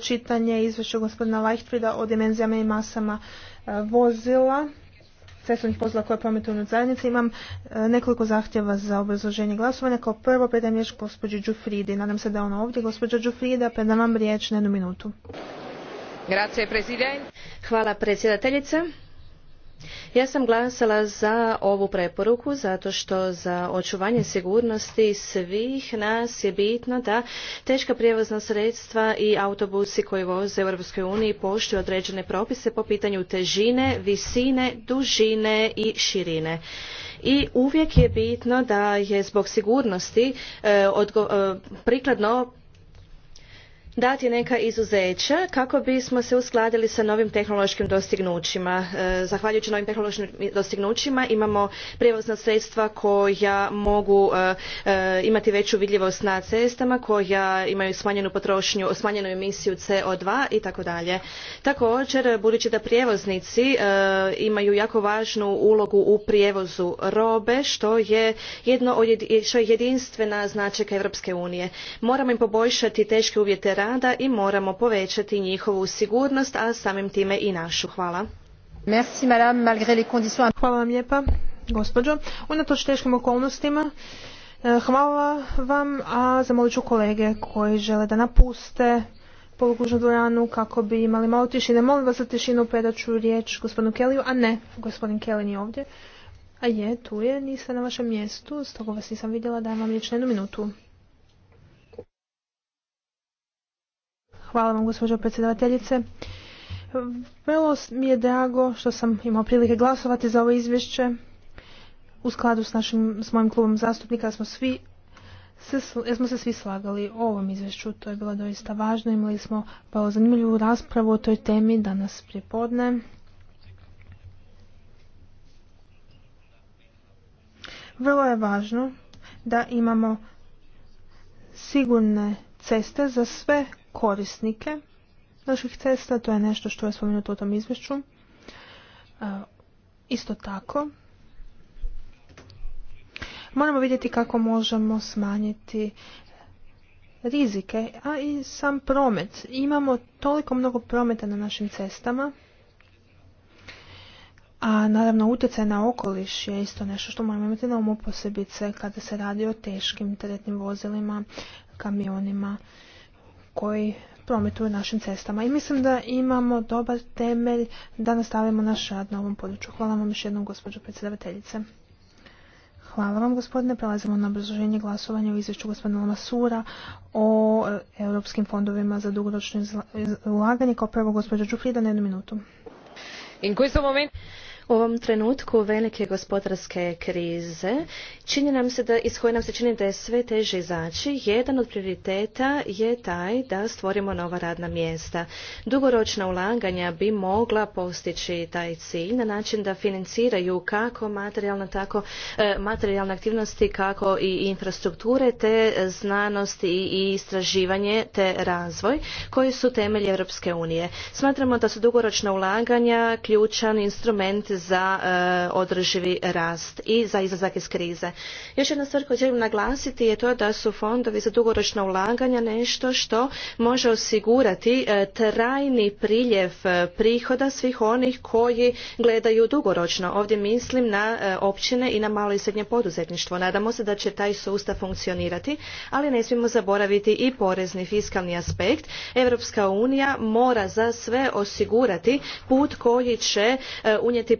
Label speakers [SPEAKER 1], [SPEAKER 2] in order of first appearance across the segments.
[SPEAKER 1] čitanje izvješća gospodina Leichtfrida o dimenzijama i masama e, vozila cestovnih vozila koje prometuju u zajednici. Imam e, nekoliko zahtjeva za obrazloženje glasovanja. Kao prvo predajem riječ gospođi Đufridi. Nadam se da je ona ovdje. Gospođa Đufrida, predam vam riječ na jednu minutu. Hvala predsjedateljice
[SPEAKER 2] ja sam glasala za ovu preporuku zato što za očuvanje sigurnosti svih nas je bitno da teška prijevozna sredstva i autobusi koji voze u Europskoj uniji poštuju određene propise po pitanju težine, visine, dužine i širine i uvijek je bitno da je zbog sigurnosti e, e, prikladno dati neka izuzeća kako bismo se uskladili sa novim tehnološkim dostignućima. E, zahvaljujući novim tehnološkim dostignućima imamo prijevozna sredstva koja mogu e, e, imati veću vidljivost na cestama, koja imaju smanjenu potrošnju, smanjenu emisiju CO2 i tako dalje. Također, budući da prijevoznici imaju jako važnu ulogu u prijevozu robe, što je jedno što jedinstvena značajka Europske unije. Moramo im poboljšati teške uvjete rada i moramo povećati njihovu sigurnost, a samim time i našu. Hvala.
[SPEAKER 1] Hvala vam lijepa, gospođo. Unatoč teškim okolnostima, eh, hvala vam, a zamolit ću kolege koji žele da napuste polugužnu dvoranu kako bi imali malo tišine. Molim vas za tišinu, predaću riječ gospodinu Keliju, a ne, gospodin Kelly nije ovdje. A je, tu je, niste na vašem mjestu, stoga vas nisam vidjela, da vam riječ na jednu minutu. Hvala vam gospođo predsjedavateljice. Vrlo mi je drago što sam imao prilike glasovati za ovo izvješće. U skladu s, našim, s mojim klubom zastupnika smo svi se, e, smo se svi slagali o ovom izvješću, to je bilo doista važno, imali smo pao zanimljivu raspravu o toj temi danas prijepodne. Vrlo je važno da imamo sigurne ceste za sve korisnike naših cesta, to je nešto što je spomenuto u tom izvješću. E, isto tako, moramo vidjeti kako možemo smanjiti rizike, a i sam promet. Imamo toliko mnogo prometa na našim cestama, a naravno utjecaj na okoliš je isto nešto što moramo imati na umu posebice kada se radi o teškim teretnim vozilima, kamionima koji prometuju našim cestama. I mislim da imamo dobar temelj da nastavimo naš rad na ovom području. Hvala vam još jednom, gospođo predsjedavateljice. Hvala vam, gospodine. Prelazimo na obrazloženje glasovanja u izvješću gospodina Masura o e, europskim fondovima za dugoročno ulaganje. Kao prvo, gospođo Đufrida, na jednu minutu. In questo u
[SPEAKER 2] ovom trenutku velike gospodarske krize čini nam se da, iz koje nam se čini da je sve teže izaći, jedan od prioriteta je taj da stvorimo nova radna mjesta. Dugoročna ulaganja bi mogla postići taj cilj na način da financiraju kako materijalna, tako e, materijalne aktivnosti, kako i infrastrukture, te znanost i istraživanje, te razvoj, koji su temelji Europske unije. Smatramo da su dugoročna ulaganja ključan instrument za e, održivi rast i za izlazak iz krize. Još jedna stvar koju želim naglasiti je to da su fondovi za dugoročna ulaganja nešto što može osigurati e, trajni priljev e, prihoda svih onih koji gledaju dugoročno. Ovdje mislim na općine i na malo i srednje poduzetništvo. Nadamo se da će taj sustav funkcionirati, ali ne smijemo zaboraviti i porezni fiskalni aspekt. Europska unija mora za sve osigurati put koji će unijeti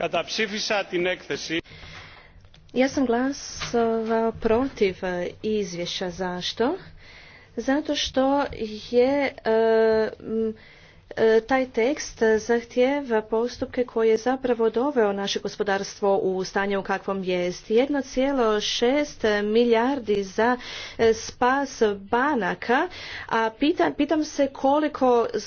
[SPEAKER 3] kada psifisa tin
[SPEAKER 1] ja sam glasovao protiv e, izvješća zašto
[SPEAKER 2] zato što je e, E, taj tekst zahtijeva postupke koji je zapravo doveo naše gospodarstvo u stanje u kakvom jest. 1,6 milijardi za e, spas banaka, a pitam, se koliko e,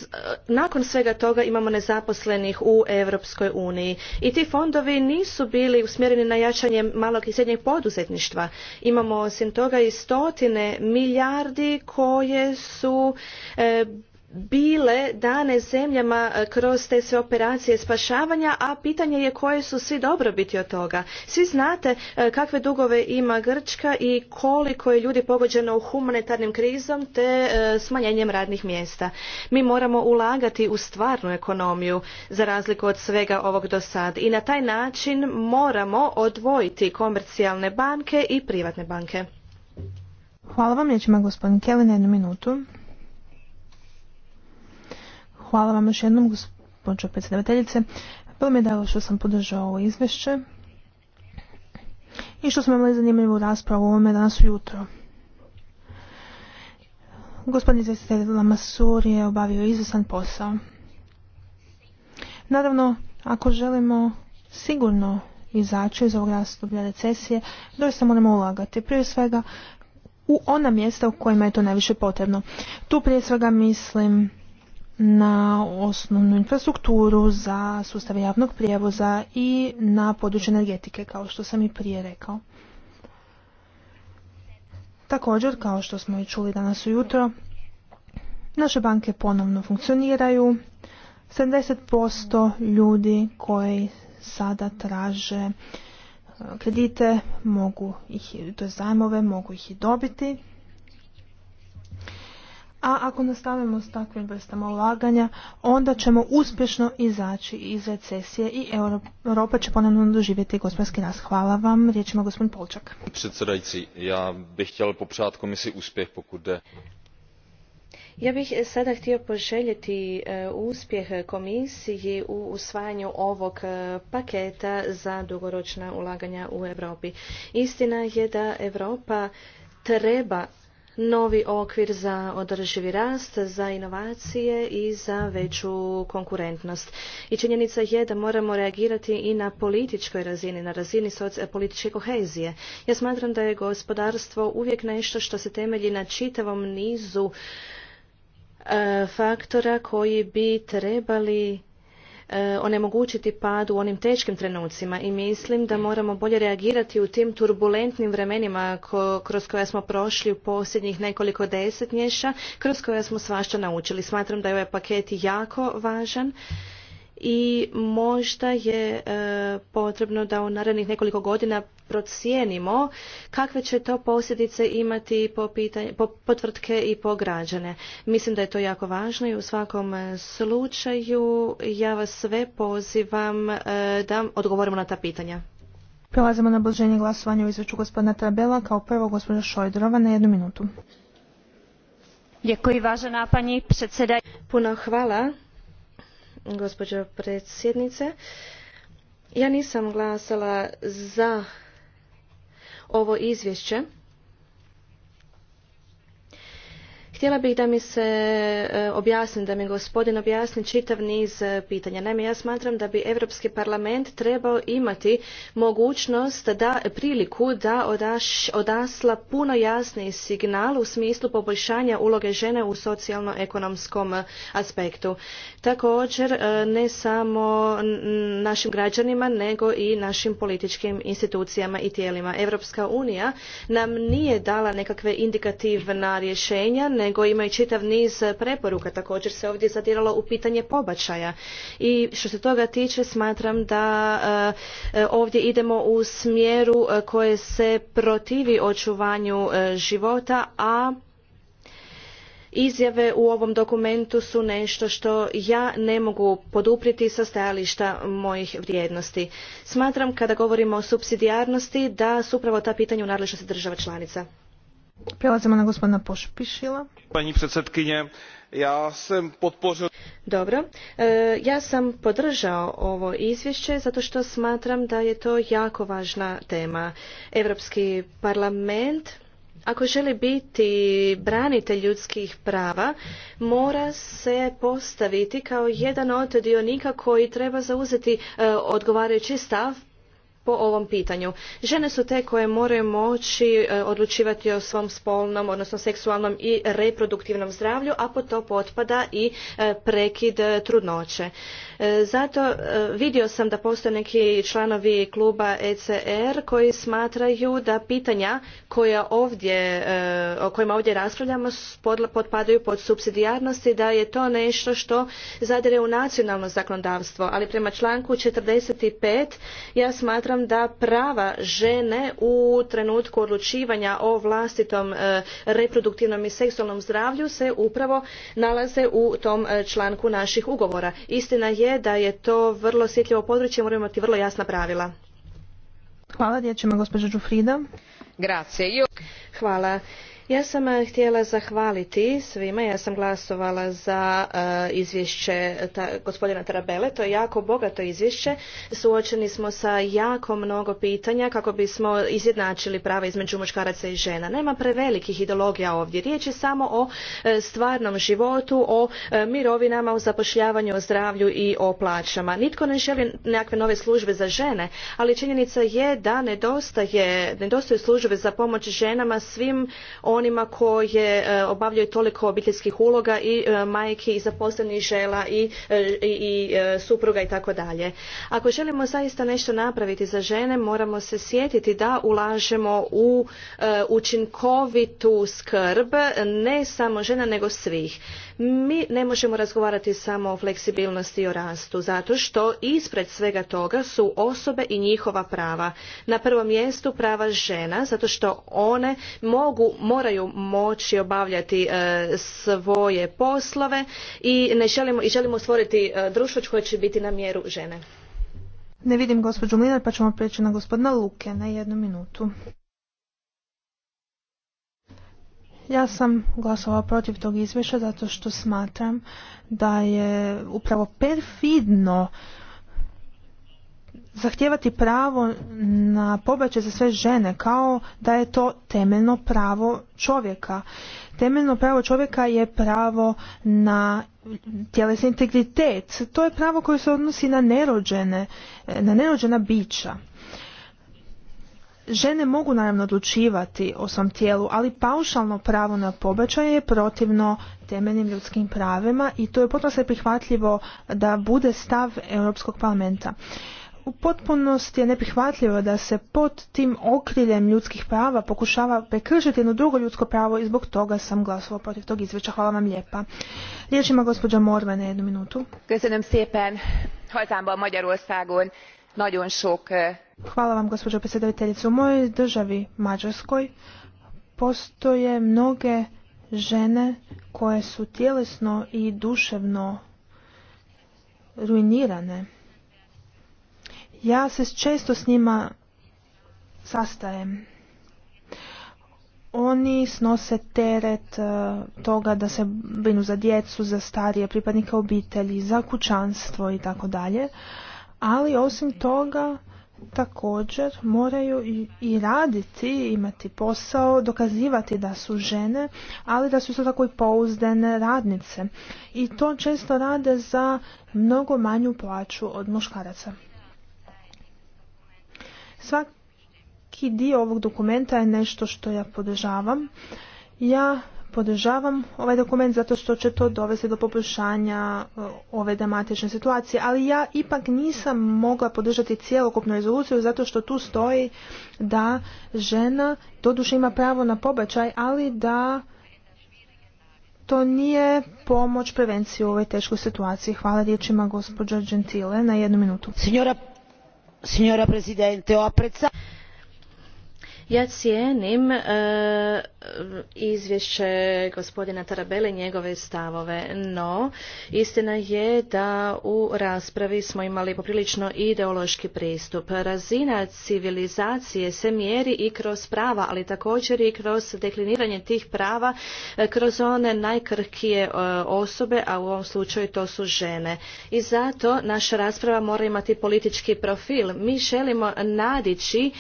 [SPEAKER 2] nakon svega toga imamo nezaposlenih u Europskoj uniji. I ti fondovi nisu bili usmjereni na jačanje malog i srednjeg poduzetništva. Imamo osim toga i stotine milijardi koje su bile dane zemljama e, kroz te sve operacije spašavanja, a pitanje je koje su svi dobrobiti od toga. Svi znate e, kakve dugove ima Grčka i koliko je ljudi pogođeno humanitarnim krizom te e, smanjenjem radnih mjesta. Mi moramo ulagati u stvarnu ekonomiju za razliku od svega ovog do sad i na taj način moramo odvojiti komercijalne banke i privatne banke.
[SPEAKER 1] Hvala vam, ja ćemo gospodin Kelly na jednu minutu. Hvala vam još jednom, gospođo predsjedavateljice. Bilo mi je dalo što sam podržao ovo izvješće i što smo imali zanimljivu raspravu o ovome danas ujutro. Gospodin izvjestitelj Lamassur je obavio izvjesan posao. Naravno, ako želimo sigurno izaći iz ovog razdoblja recesije, doista moramo ulagati. Prije svega u ona mjesta u kojima je to najviše potrebno. Tu prije svega mislim na osnovnu infrastrukturu za sustav javnog prijevoza i na područje energetike, kao što sam i prije rekao. Također, kao što smo i čuli danas ujutro, naše banke ponovno funkcioniraju. 70% ljudi koji sada traže e, kredite mogu ih, to zajmove, mogu ih i dobiti a ako nastavimo s takvim vrstama ulaganja, onda ćemo uspješno izaći iz recesije i Europa će ponovno doživjeti gospodarski rast. Hvala vam. Riječ ima gospodin Polčak. Predsjedajci, ja bih htjel komisiji uspjeh pokud de.
[SPEAKER 2] Ja bih sada htio poželjeti e, uspjeh komisiji u usvajanju ovog e, paketa za dugoročna ulaganja u Europi. Istina je da Europa treba novi okvir za održivi rast, za inovacije i za veću konkurentnost. I činjenica je da moramo reagirati i na političkoj razini, na razini političke kohezije. Ja smatram da je gospodarstvo uvijek nešto što se temelji na čitavom nizu e, faktora koji bi trebali E, onemogućiti pad u onim teškim trenucima i mislim da moramo bolje reagirati u tim turbulentnim vremenima kroz koje smo prošli u posljednjih nekoliko desetljeća kroz koje smo svašta naučili. Smatram da je ovaj paket jako važan i možda je e, potrebno da u narednih nekoliko godina procijenimo kakve će to posljedice imati po, tvrtke i po građane. Mislim da je to jako važno i u svakom e, slučaju ja vas sve pozivam e, da odgovorimo na ta pitanja.
[SPEAKER 1] Prelazimo na obloženje glasovanja u izveću gospodina Trabela. Kao prvo gospođa Šojdrova na jednu minutu.
[SPEAKER 2] Puno hvala, gospođo predsjednice. Ja nisam glasala za ovo izvješće Htjela bih da mi se e, objasni, da mi gospodin objasni čitav niz e, pitanja. Naime, ja smatram da bi Europski parlament trebao imati mogućnost da priliku da odasla puno jasniji signal u smislu poboljšanja uloge žene u socijalno-ekonomskom e, aspektu. Također, ne samo našim građanima, nego i našim političkim institucijama i tijelima. Europska unija nam nije dala nekakve indikativna rješenja, nego nego imaju čitav niz preporuka. Također se ovdje zadiralo u pitanje pobačaja. I što se toga tiče smatram da e, e, ovdje idemo u smjeru e, koje se protivi očuvanju života, a izjave u ovom dokumentu su nešto što ja ne mogu poduprijeti sa stajališta mojih vrijednosti. Smatram kada govorimo o supsidijarnosti da su upravo ta pitanja u nadležnosti država članica.
[SPEAKER 1] Prelazimo na gospodina Pošpišila.
[SPEAKER 2] Dobro, e, ja sam podržao ovo izvješće zato što smatram da je to jako važna tema. Europski parlament ako želi biti branitelj ljudskih prava, mora se postaviti kao jedan od dionika koji treba zauzeti e, odgovarajući stav po ovom pitanju. Žene su te koje moraju moći e, odlučivati o svom spolnom, odnosno seksualnom i reproduktivnom zdravlju, a po to potpada i e, prekid e, trudnoće. E, zato e, vidio sam da postoje neki članovi kluba ECR koji smatraju da pitanja koja ovdje, e, o kojima ovdje raspravljamo potpadaju pod subsidijarnost i da je to nešto što zadire u nacionalno zakonodavstvo. Ali prema članku 45 ja smatram da prava žene u trenutku odlučivanja o vlastitom reproduktivnom i seksualnom zdravlju se upravo nalaze u tom članku naših ugovora. Istina je da je to vrlo osjetljivo područje, moramo imati vrlo jasna pravila. Hvala, riječ
[SPEAKER 1] ima gospođa Đufrida.
[SPEAKER 2] Hvala. Ja sam eh, htjela zahvaliti svima, ja sam glasovala za eh, izvješće gospodina Tarabele, to je jako bogato izvješće, suočeni smo sa jako mnogo pitanja kako bismo izjednačili prava između muškaraca i žena. Nema prevelikih ideologija ovdje, riječ je samo o eh, stvarnom životu, o mirovinama, o zapošljavanju, o zdravlju i o plaćama. Nitko ne želi nekakve nove službe za žene, ali činjenica je da nedostaje, nedostaju službe za pomoć ženama svim onima koje e, obavljaju toliko obiteljskih uloga i e, majki i zaposlenih žela e, i, i supruga i tako dalje. Ako želimo zaista nešto napraviti za žene, moramo se sjetiti da ulažemo u učinkovitu skrb ne samo žena nego svih. Mi ne možemo razgovarati samo o fleksibilnosti i o rastu, zato što ispred svega toga su osobe i njihova prava. Na prvom mjestu prava žena, zato što one mogu, moraju moći obavljati e, svoje poslove i želimo, stvoriti e, društvo koje će biti na mjeru žene.
[SPEAKER 1] Ne vidim gospođu Mlinar, pa ćemo prijeći na gospodina Luke na jednu minutu. Ja sam glasovala protiv tog izvješća zato što smatram da je upravo perfidno zahtijevati pravo na pobačaj za sve žene kao da je to temeljno pravo čovjeka. Temeljno pravo čovjeka je pravo na tjelesni integritet. To je pravo koje se odnosi na nerođene, na nerođena bića. Žene mogu naravno odlučivati o svom tijelu, ali paušalno pravo na pobačaj je protivno temeljnim ljudskim pravima i to je potpuno se prihvatljivo da bude stav Europskog parlamenta. U potpunosti je neprihvatljivo da se pod tim okriljem ljudskih prava pokušava prekršiti jedno drugo ljudsko pravo i zbog toga sam glasovao protiv tog izvješća. Hvala vam lijepa. Riječ ima gospođa jednu minutu. Köszönöm
[SPEAKER 4] Hvala vam Magyarországon nagyon sok eh,
[SPEAKER 1] Hvala vam, gospođo predsjedateljice. U mojoj državi, Mađarskoj, postoje mnoge žene koje su tjelesno i duševno ruinirane. Ja se često s njima sastajem. Oni snose teret e, toga da se brinu za djecu, za starije pripadnike obitelji, za kućanstvo i tako dalje. Ali osim toga također moraju i, raditi, imati posao, dokazivati da su žene, ali da su isto tako i pouzdane radnice. I to često rade za mnogo manju plaću od muškaraca. Svaki dio ovog dokumenta je nešto što ja podržavam. Ja podržavam ovaj dokument zato što će to dovesti do poboljšanja e, ove dramatične situacije, ali ja ipak nisam mogla podržati cjelokupnu rezoluciju zato što tu stoji da žena doduše ima pravo na pobačaj, ali da to nije pomoć prevenciji u ovoj teškoj situaciji. Hvala riječima gospođa Gentile na jednu minutu.
[SPEAKER 2] Ja cijenim e, izvješće gospodina Tarabele i njegove stavove, no istina je da u raspravi smo imali poprilično ideološki pristup. Razina civilizacije se mjeri i kroz prava, ali također i kroz dekliniranje tih prava e, kroz one najkrhkije e, osobe, a u ovom slučaju to su žene. I zato naša rasprava mora imati politički profil. Mi želimo nadići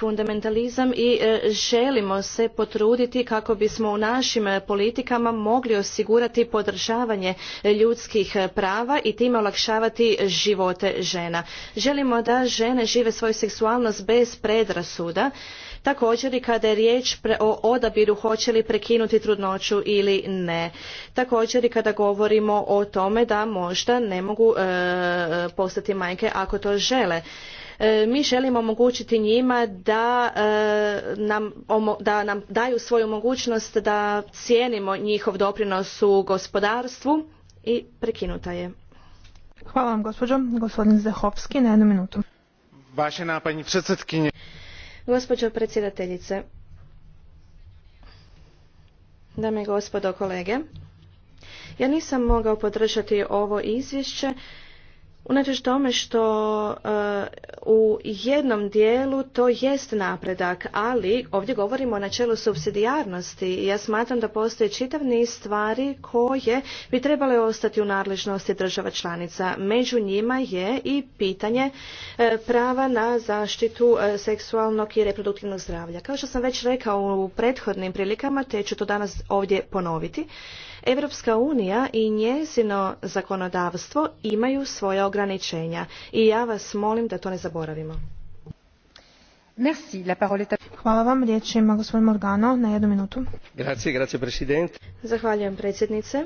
[SPEAKER 2] fundamentalizam i e, želimo se potruditi kako bismo u našim e, politikama mogli osigurati podržavanje e, ljudskih prava i time olakšavati živote žena. Želimo da žene žive svoju seksualnost bez predrasuda također i kada je riječ o odabiru hoće li prekinuti trudnoću ili ne također i kada govorimo o tome da možda ne mogu e, postati majke ako to žele e, mi želimo omogućiti njima da e, nam, da nam daju svoju mogućnost da cijenimo njihov doprinos u gospodarstvu i prekinuta je.
[SPEAKER 1] Hvala vam Gospođo predsjedateljice, dame i gospodo
[SPEAKER 2] kolege, ja nisam mogao podržati ovo izvješće Unatoč tome što e, u jednom dijelu to jest napredak, ali ovdje govorimo o načelu subsidijarnosti i ja smatram da postoje čitav niz stvari koje bi trebale ostati u nadležnosti država članica. Među njima je i pitanje e, prava na zaštitu e, seksualnog i reproduktivnog zdravlja. Kao što sam već rekao u prethodnim prilikama, te ću to danas ovdje ponoviti, Europska unija i njezino zakonodavstvo imaju svoja ograničenja i ja vas molim da to ne zaboravimo.
[SPEAKER 1] Merci, la parole est à... Hvala vam, riječ ima gospodin Morgano na jednu minutu.
[SPEAKER 5] Grazie, grazie
[SPEAKER 1] Zahvaljujem predsjednice.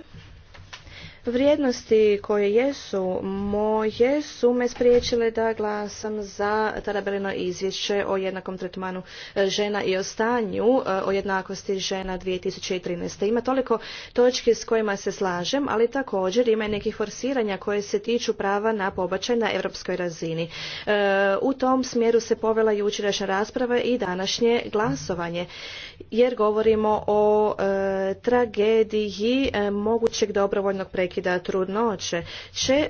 [SPEAKER 1] Vrijednosti
[SPEAKER 2] koje jesu moje su me spriječile da glasam za Tarabelino izvješće o jednakom tretmanu e, žena i o stanju e, o jednakosti žena 2013. Ima toliko točke s kojima se slažem, ali također ima i nekih forsiranja koje se tiču prava na pobačaj na europskoj razini. E, u tom smjeru se povela jučerašnja rasprava i današnje glasovanje, jer govorimo o tragediji mogućeg dobrovoljnog pregleda prekida trudnoće.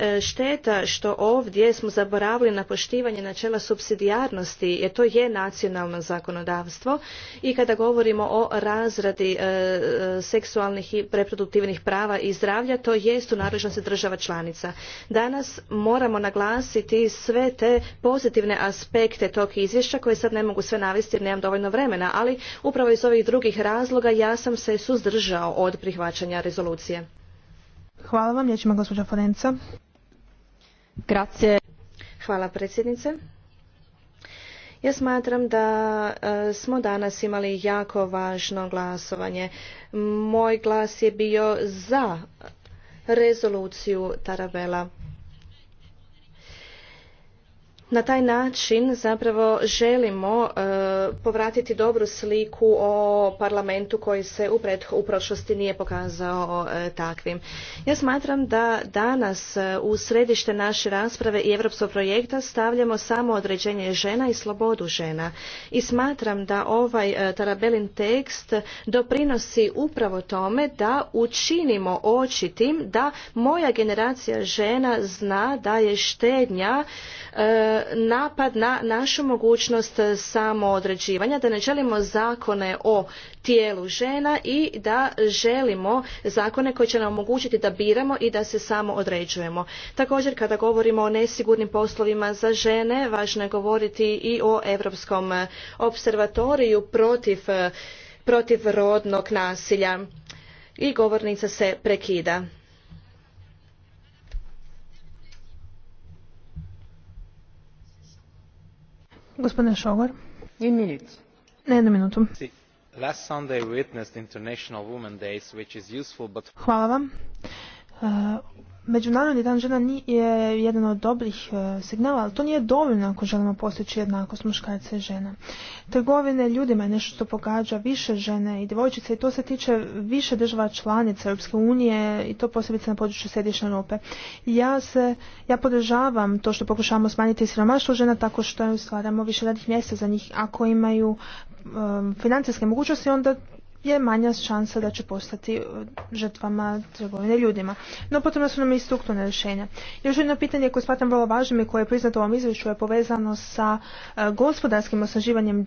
[SPEAKER 2] E, šteta što ovdje smo zaboravili na poštivanje načela subsidijarnosti jer to je nacionalno zakonodavstvo i kada govorimo o razradi e, e, seksualnih i reproduktivnih prava i zdravlja to jest u nadležnosti država članica. Danas moramo naglasiti sve te pozitivne aspekte tog izvješća koje sad ne mogu sve navesti jer nemam dovoljno vremena, ali upravo iz ovih drugih razloga ja sam se suzdržao od prihvaćanja rezolucije.
[SPEAKER 1] Hvala vam, gospođa Forenca. Hvala predsjednice. Ja smatram da
[SPEAKER 2] e, smo danas imali jako važno glasovanje. Moj glas je bio za rezoluciju Tarabela na taj način zapravo želimo e, povratiti dobru sliku o parlamentu koji se u, u prošlosti nije pokazao e, takvim. Ja smatram da danas e, u središte naše rasprave i europskog projekta stavljamo samo određenje žena i slobodu žena. I smatram da ovaj Tarabelin tekst doprinosi upravo tome da učinimo očitim da moja generacija žena zna da je štednja napad na našu mogućnost samoodređivanja da ne želimo zakone o tijelu žena i da želimo zakone koji će nam omogućiti da biramo i da se samo određujemo. Također kada govorimo o nesigurnim poslovima za žene, važno je govoriti i o Europskom observatoriju protiv, protiv rodnog nasilja. I govornica se prekida.
[SPEAKER 1] Gospodine Šogor. In minut. Ne, jednu minutu.
[SPEAKER 3] Last Sunday witnessed International Women Days, which is useful, but... Hvala
[SPEAKER 1] vam. Uh, Međunarodni dan žena je jedan od dobrih e, signala, ali to nije dovoljno ako želimo postići jednakost muškarca i žena. Trgovine ljudima je nešto što pogađa više žene i djevojčice i to se tiče više država članica Europske unije i to posebice na području središnje Europe. Ja se, ja podržavam to što pokušavamo smanjiti siromaštvo žena tako što stvaramo više radnih mjesta za njih. Ako imaju e, financijske mogućnosti onda je manja šansa da će postati e, žrtvama trgovine ljudima. No potrebno su nam i strukturne rješenja. Još jedno pitanje koje smatram vrlo važnim i koje je priznato u ovom izvješću je povezano sa e, gospodarskim osnaživanjem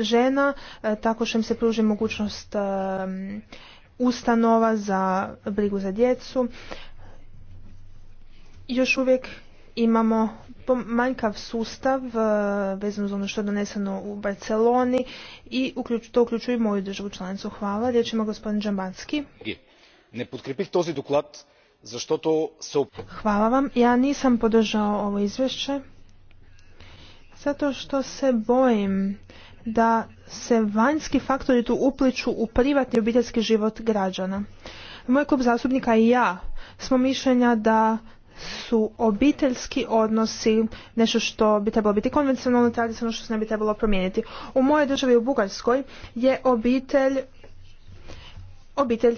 [SPEAKER 1] žena, e, tako što im se pruži mogućnost ustanova za brigu za djecu. Još uvijek imamo manjkav sustav e, vezano za ono što je doneseno u Barceloni i to uključuje i moju državu članicu. Hvala. Riječ ima gospodin Džambanski.
[SPEAKER 5] Ne tozi doklad, zašto to se...
[SPEAKER 1] Hvala vam. Ja nisam podržao ovo izvješće zato što se bojim da se vanjski faktori tu upliču u privatni obiteljski život građana. Moj klub zastupnika i ja smo mišljenja da su obiteljski odnosi nešto što bi trebalo biti konvencionalno tradicionalno što se ne bi trebalo promijeniti. U mojoj državi u Bugarskoj je obitelj obitelj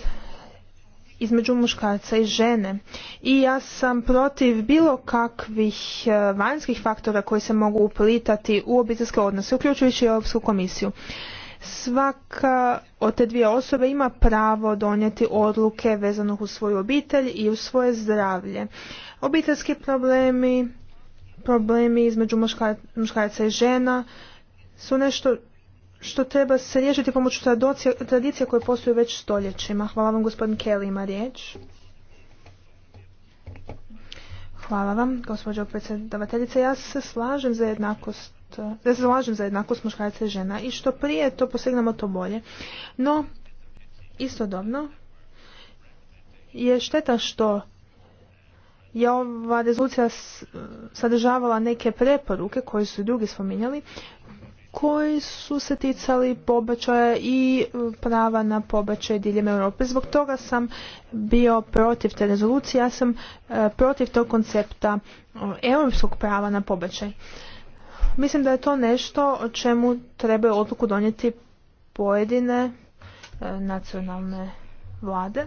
[SPEAKER 1] između muškarca i žene. I ja sam protiv bilo kakvih e, vanjskih faktora koji se mogu uplitati u obiteljske odnose, uključujući i Europsku komisiju. Svaka od te dvije osobe ima pravo donijeti odluke vezanog u svoju obitelj i u svoje zdravlje. Obiteljski problemi, problemi između muškaraca i žena su nešto što treba se riješiti pomoću tradicije koje postoju već stoljećima. Hvala vam gospodin Kelly ima riječ. Hvala vam, gospođo predsjedavateljice. Ja se slažem za jednakost ja se slažem za jednakost muškaraca i žena i što prije to posegnemo to bolje. No, istodobno je šteta što je ova rezolucija sadržavala neke preporuke koje su i drugi spominjali koji su se ticali pobačaja i e, prava na pobačaj diljem Europe. Zbog toga sam bio protiv te rezolucije, ja sam e, protiv tog koncepta europskog prava na pobačaj. Mislim da je to nešto o čemu treba odluku donijeti pojedine e, nacionalne vlade.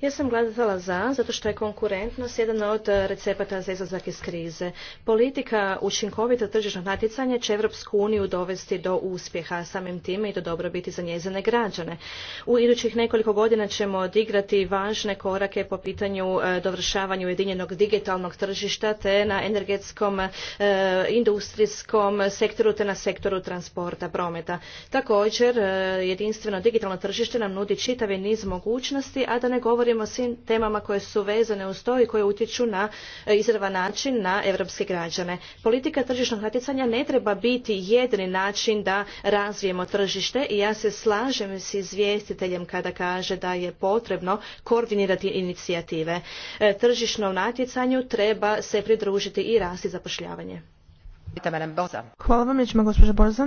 [SPEAKER 2] Ja sam gledala za, zato što je konkurentnost jedan od e, recepata za izlazak iz krize. Politika učinkovita tržišnog natjecanja će Evropsku uniju dovesti do uspjeha, samim time i do dobrobiti za njezine građane. U idućih nekoliko godina ćemo odigrati važne korake po pitanju e, dovršavanja ujedinjenog digitalnog tržišta te na energetskom, e, industrijskom sektoru te na sektoru transporta, prometa. Također, jedinstveno digitalno tržište nam nudi čitavi niz mogućnosti, a da ne govori govorimo o svim temama koje su vezane uz to i koje utječu na e, izravan način na europske građane. Politika tržišnog natjecanja ne treba biti jedini način da razvijemo tržište i ja se slažem s izvjestiteljem kada kaže da je potrebno koordinirati inicijative. E, tržišnom natjecanju treba se pridružiti i i zapošljavanje.
[SPEAKER 1] Hvala vam,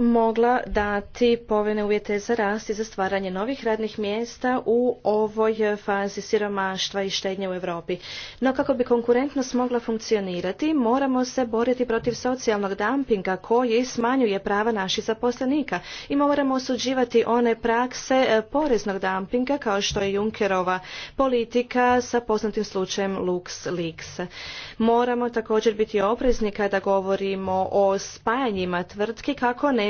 [SPEAKER 2] mogla dati povene uvjete za rast i za stvaranje novih radnih mjesta u ovoj fazi siromaštva i štednje u Europi. No kako bi konkurentnost mogla funkcionirati, moramo se boriti protiv socijalnog dumpinga koji smanjuje prava naših zaposlenika i moramo osuđivati one prakse e, poreznog dumpinga kao što je Junkerova politika sa poznatim slučajem LuxLeaks. Moramo također biti oprezni kada govorimo o spajanjima tvrtki kako ne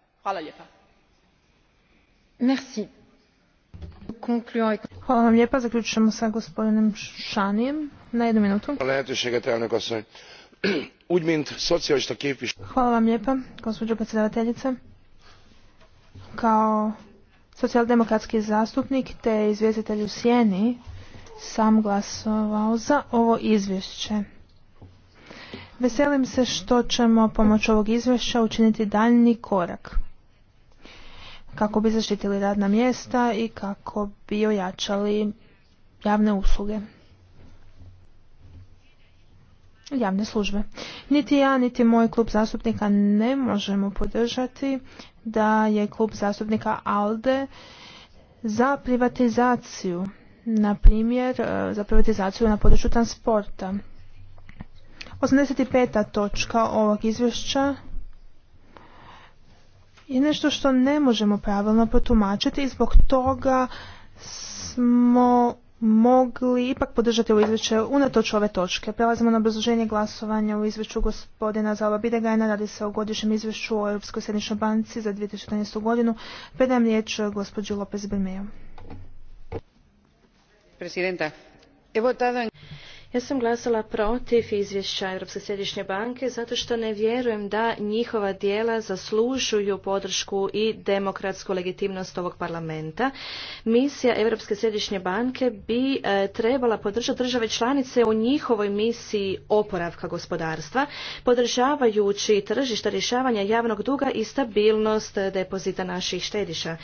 [SPEAKER 3] hvala
[SPEAKER 1] vam lijepa sa gospodinom na jednu minutu. hvala vam lijepa gospođo predsjedateljice. kao socijaldemokratski zastupnik te izvjestitelj u sjeni sam glasovao za ovo izvješće. Veselim se što ćemo pomoću ovog izvješća učiniti daljnji korak kako bi zaštitili radna mjesta i kako bi ojačali javne usluge javne službe. Niti ja, niti moj klub zastupnika ne možemo podržati da je klub zastupnika ALDE za privatizaciju, na primjer e, za privatizaciju na području transporta. 85. točka ovog izvješća je nešto što ne možemo pravilno protumačiti i zbog toga smo mogli ipak podržati u izvješće unatoč ove točke. Prelazimo na obrazloženje glasovanja u izvješću gospodina Zalba Bidegajna. Radi se o godišnjem izvješću o Europskoj središnjoj banci za 2014. godinu. Predajem riječ eh, gospođu Lopez Bermejo. Presidenta, he votado ja sam glasala
[SPEAKER 2] protiv izvješća Europske središnje banke zato što ne vjerujem da njihova dijela zaslužuju podršku i demokratsku legitimnost ovog parlamenta. Misija Europske središnje banke bi e, trebala podržati države članice u njihovoj misiji oporavka gospodarstva, podržavajući tržišta rješavanja javnog duga i stabilnost depozita naših štediša.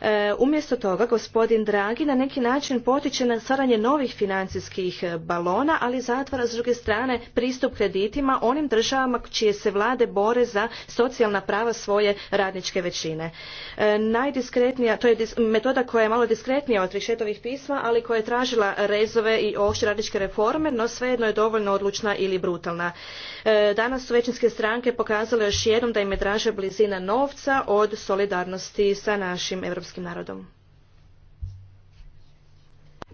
[SPEAKER 2] E, umjesto toga, gospodin Dragi na neki način potiče na stvaranje novih financijskih balona ali ali zatvara s druge strane pristup kreditima onim državama čije se vlade bore za socijalna prava svoje radničke većine. E, najdiskretnija, to je metoda koja je malo diskretnija od Trišetovih pisma, ali koja je tražila rezove i ošće radničke reforme, no svejedno je dovoljno odlučna ili brutalna. E, danas su većinske stranke pokazale još jednom da im je draže blizina novca od solidarnosti sa našim europskim narodom.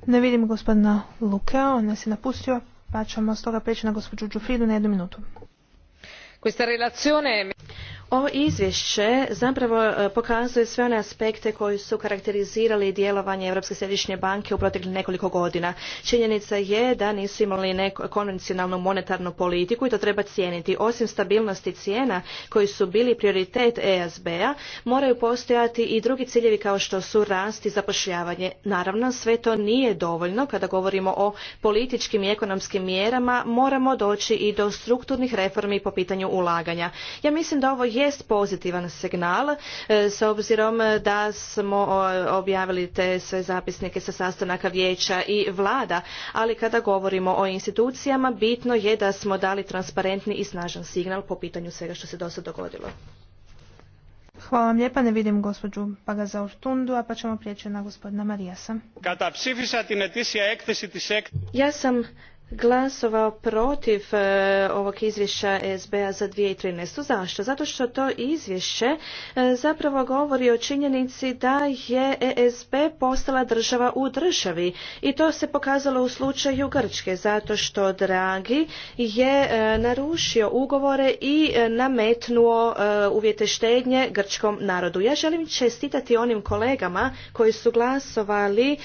[SPEAKER 1] Ne vidim gospodina Lukeo, on nas je napustio, pa ćemo stoga preći na gospođu Đufridu na jednu minutu.
[SPEAKER 5] Questa
[SPEAKER 2] ovo izvješće zapravo e, pokazuje sve one aspekte koji su karakterizirali djelovanje Europske središnje banke u proteklih nekoliko godina. Činjenica je da nisu imali neko konvencionalnu monetarnu politiku i to treba cijeniti. Osim stabilnosti cijena koji su bili prioritet ESB-a, moraju postojati i drugi ciljevi kao što su rast i zapošljavanje. Naravno, sve to nije dovoljno kada govorimo o političkim i ekonomskim mjerama, moramo doći i do strukturnih reformi po pitanju ulaganja. Ja mislim da ovo je jest pozitivan signal e, s obzirom e, da smo objavili te sve zapisnike sa sastanaka vijeća i vlada ali kada govorimo o institucijama bitno je da smo dali transparentni i snažan signal po pitanju svega što se do dogodilo.
[SPEAKER 1] Hvala vam lijepa, ne vidim gospođu a pa ćemo prijeći na gospodina Marijasa. Ja sam glasovao
[SPEAKER 2] protiv e, ovog izvješća SBA za 2013. Zašto? Zato što to izvješće e, zapravo govori o činjenici da je ESB postala država u državi i to se pokazalo u slučaju Grčke zato što Dragi je e, narušio ugovore i nametnuo uvjete štednje grčkom narodu. Ja želim čestitati onim kolegama koji su glasovali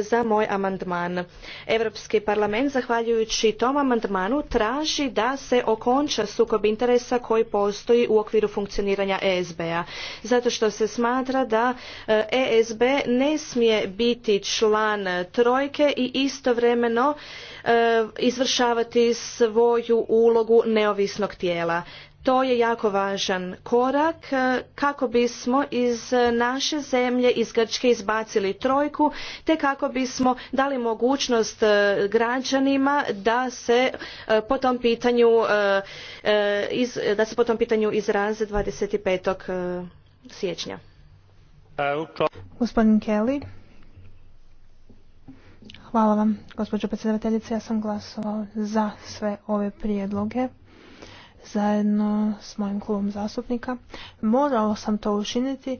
[SPEAKER 2] za moj amandman. Europski parlament zahvaljujem zahvaljujući tom amandmanu traži da se okonča sukob interesa koji postoji u okviru funkcioniranja ESB-a. Zato što se smatra da ESB e ne smije biti član trojke i istovremeno e, izvršavati svoju ulogu neovisnog tijela. To je jako važan korak e, kako bismo iz naše zemlje, iz Grčke izbacili trojku, te kako bismo dali mogućnost e, građanima da se e, po tom pitanju, da se po tom pitanju izraze 25. siječnja.
[SPEAKER 1] Gospodin Kelly. Hvala vam, gospođo predsjedateljice. Ja sam glasovao za sve ove prijedloge zajedno s mojim klubom zastupnika. Morao sam to učiniti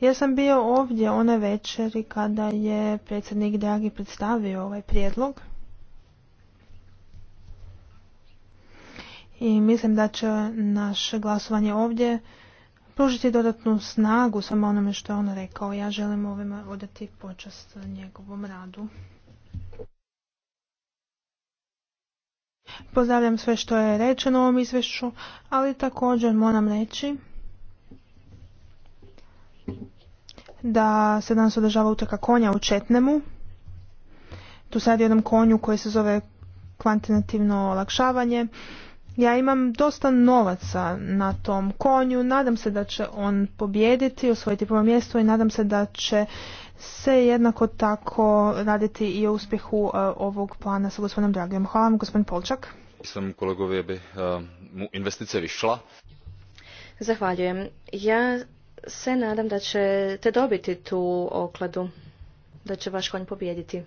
[SPEAKER 1] jer sam bio ovdje one večeri kada je predsjednik Dragi predstavio ovaj prijedlog. I mislim da će naše glasovanje ovdje pružiti dodatnu snagu samo onome što je on rekao. Ja želim ovima odati počast njegovom radu. Pozdravljam sve što je rečeno u ovom izvješću, ali također moram reći da se danas održava uteka konja u Četnemu. Tu sad jednom konju koji se zove kvantitativno olakšavanje. Ja imam dosta novaca na tom konju, nadam se da će on pobijediti, osvojiti prvo mjesto i nadam se da će se jednako tako raditi i o uspjehu e, ovog plana sa gospodinom Dragijom. Hvala vam, gospodin Polčak. Mislim, kolegovi bi e, mu investice višla.
[SPEAKER 2] Zahvaljujem. Ja se nadam da ćete dobiti tu okladu, da će vaš konj pobijediti.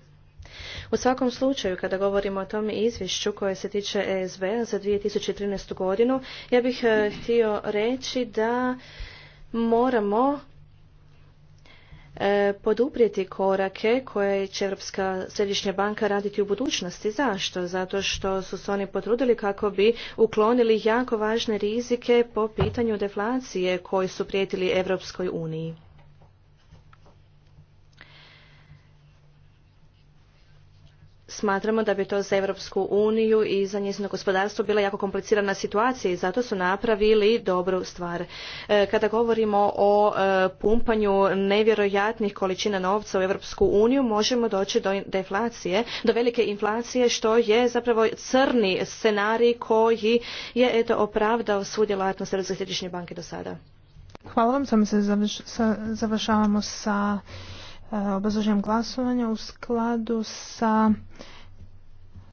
[SPEAKER 2] U svakom slučaju, kada govorimo o tom izvješću koje se tiče ESV za 2013. godinu, ja bih e, htio reći da moramo E, poduprijeti korake koje će Europska središnja banka raditi u budućnosti. Zašto? Zato što su se oni potrudili kako bi uklonili jako važne rizike po pitanju deflacije koji su prijetili Europskoj uniji. smatramo da bi to za Europsku uniju i za njezino gospodarstvo bila jako komplicirana situacija i zato su napravili dobru stvar. E, kada govorimo o e, pumpanju nevjerojatnih količina novca u Europsku uniju možemo doći do deflacije, do velike inflacije što je zapravo crni scenarij koji je eto opravdao svu djelatnost Europske središnje banke do sada.
[SPEAKER 1] Hvala vam, se završavamo sa
[SPEAKER 6] Obrazložujem glasovanje u skladu sa